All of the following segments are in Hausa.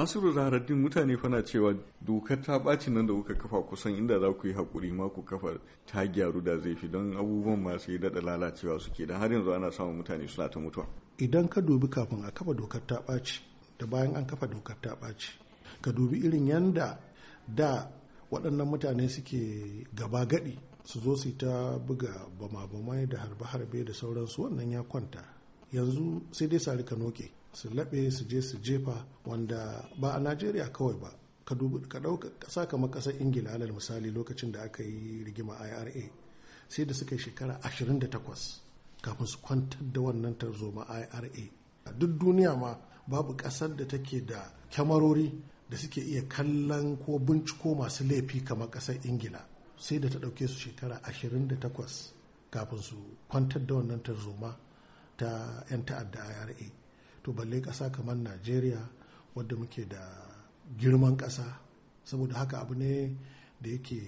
asiru zaharaddin mutane fana cewa dokar ta ɓaci nan da kuka kafa kusan inda za ku yi haƙuri ma ku kafa ta gyaru da zai fi don abubuwan masu yi daɗa lalacewa suke don har yanzu ana samun mutane suna ta mutuwa idan ka dubi kafin a kafa dokar ta ɓaci da bayan an kafa dokar ta ɓaci ka dubi irin yanda da waɗannan mutane suke gaba gaɗi su zo su ta buga bama-bamai da harbe-harbe da sauransu wannan ya kwanta yanzu sai dai sari ka noke su laɓe su je su jefa wanda ba a najeriya kawai ba ka dubu ka ɗauka ƙasa kamar ƙasar ingila alal misali lokacin da aka yi rigima ira sai da suka yi shekara 28 kafin su kwantar da wannan tarzoma ira a duk duniya ma babu ƙasar da take da kyamarori da suke iya kallon ko binciko masu laifi kamar ƙasar ingila sai da ta ɗauke su shekara 28 kafin su kwantar da wannan tarzoma ta 'yan ta'adda IRA to balle ƙasa kamar Najeriya wadda muke da girman ƙasa saboda haka abu ne da yake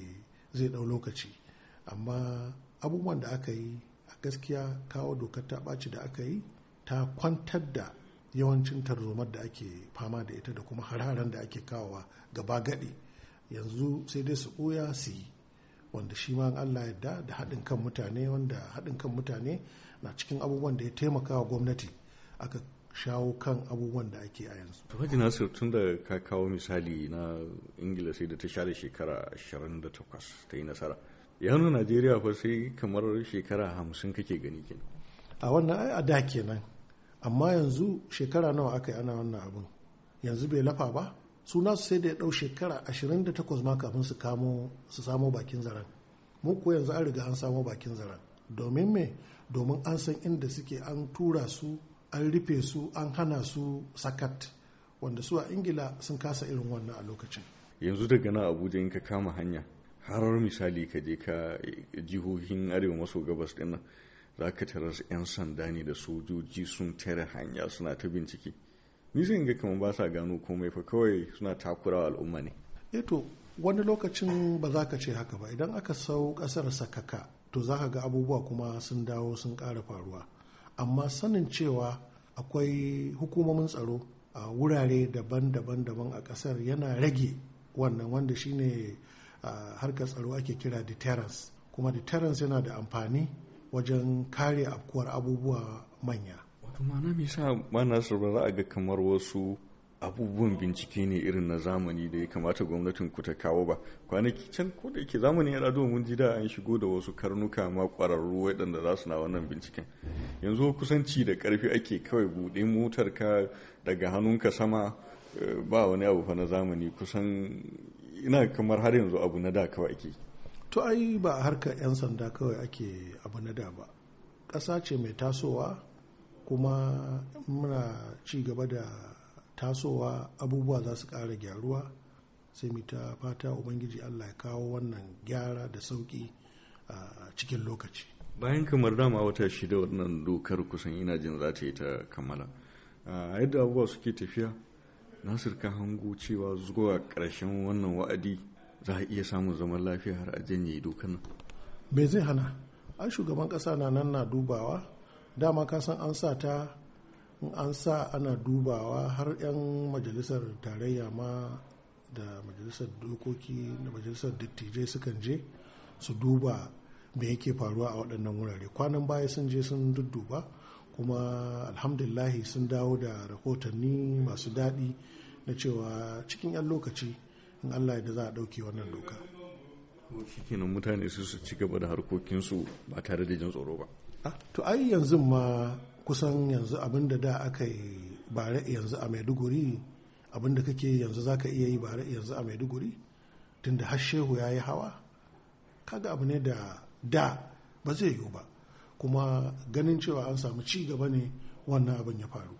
zai ɗau lokaci amma abubuwan da aka yi a gaskiya kawo dokar ta ɓaci da aka yi ta kwantar da yawancin tarzomar da ake fama da ita da kuma hararen da ake kawowa gaba gaɗi yanzu sai dai su ɓoya su yi wanda shi ma Allah yadda da haɗin kan mutane wanda haɗin kan mutane na cikin abubuwan da ya taimaka wa gwamnati aka shawo kan abubuwan da ake a yanzu. Alhaji Nasir tun da ka kawo misali na Ingila sai da ta share shekara 28 ta yi nasara. Ya nuna Najeriya fa sai kamar shekara 50 kake gani kenan. A wannan ai a da kenan. Amma yanzu shekara nawa aka yi ana wannan abin. Yanzu bai lafa ba? suna su sai da ya ɗau shekara 28 ma kafin su kamo su samo bakin zaren mu ko yanzu an riga an samo bakin zaren domin me domin an san inda suke an tura su an rufe su an hana su sakat wanda su a ingila sun kasa irin wannan a lokacin yanzu daga na abuja in ka kama hanya harar misali ka je ka jihohin arewa maso gabas dinnan za ka tarar 'yan sanda ne da sojoji sun tare hanya suna ta bincike ni sai ga kamar ba sa gano komai fa kawai suna takura al'umma ne eh to, wani lokacin ba za ka ce haka ba idan aka sau kasar sakaka to za ka ga abubuwa kuma sun dawo sun ƙara faruwa amma sanin cewa akwai hukumomin tsaro a wurare daban-daban daban a ƙasar yana rage wannan wanda shine harkar tsaro ake kira deterrence kuma deterrence yana da amfani wajen kare abubuwa manya to na me yasa ba so ba za a ga kamar wasu abubuwan bincike ne irin na zamani da ya kamata gwamnatin ku ta kawo ba kwanaki can ko da yake zamani ya rado mun ji da an shigo da wasu karnuka ma kwararru waɗanda za su na wannan binciken yanzu kusanci da ƙarfi ake kawai buɗe motar ka daga hannunka sama eh, ba wani abu fa na zamani kusan ina kamar har yanzu abu na da kawai ake to ai ba harka 'yan sanda kawai ake abu na da ba ƙasa ce mai tasowa kuma muna ci gaba da tasowa abubuwa za su ƙara gyaruwa sai mu ta fata ubangiji allah ya kawo wannan gyara da sauƙi a cikin lokaci bayan kamar dama wata shida wannan dokar kusan ina jin za ta yi ta kammala a yadda abubuwa suke tafiya nasir ka hango cewa zuwa ƙarshen wannan wa'adi za a iya samun zaman lafiya har a janye dokar nan me zai hana an shugaban ƙasa na nan na dubawa dama ka san an sa ta in an sa ana dubawa har 'yan majalisar tarayya ma da majalisar dokoki da majalisar dattijai sukan je su duba me yake faruwa a waɗannan wurare kwanan baya sun je sun dudduba kuma alhamdulahi sun dawo da rahotanni masu daɗi na cewa cikin 'yan lokaci in allah da za a ɗauke wannan doka shikenan mutane su su ci gaba da harkokinsu ba tare da jin tsoro ba to ai yanzu ma kusan yanzu abin da da aka yi bare yanzu a maiduguri abin da kake yanzu za ka iya yi bare yanzu a maiduguri tunda har shehu ya yi hawa kaga abu ne da da ba zai yiwu ba kuma ganin cewa an samu ci gaba ne wannan abin ya faru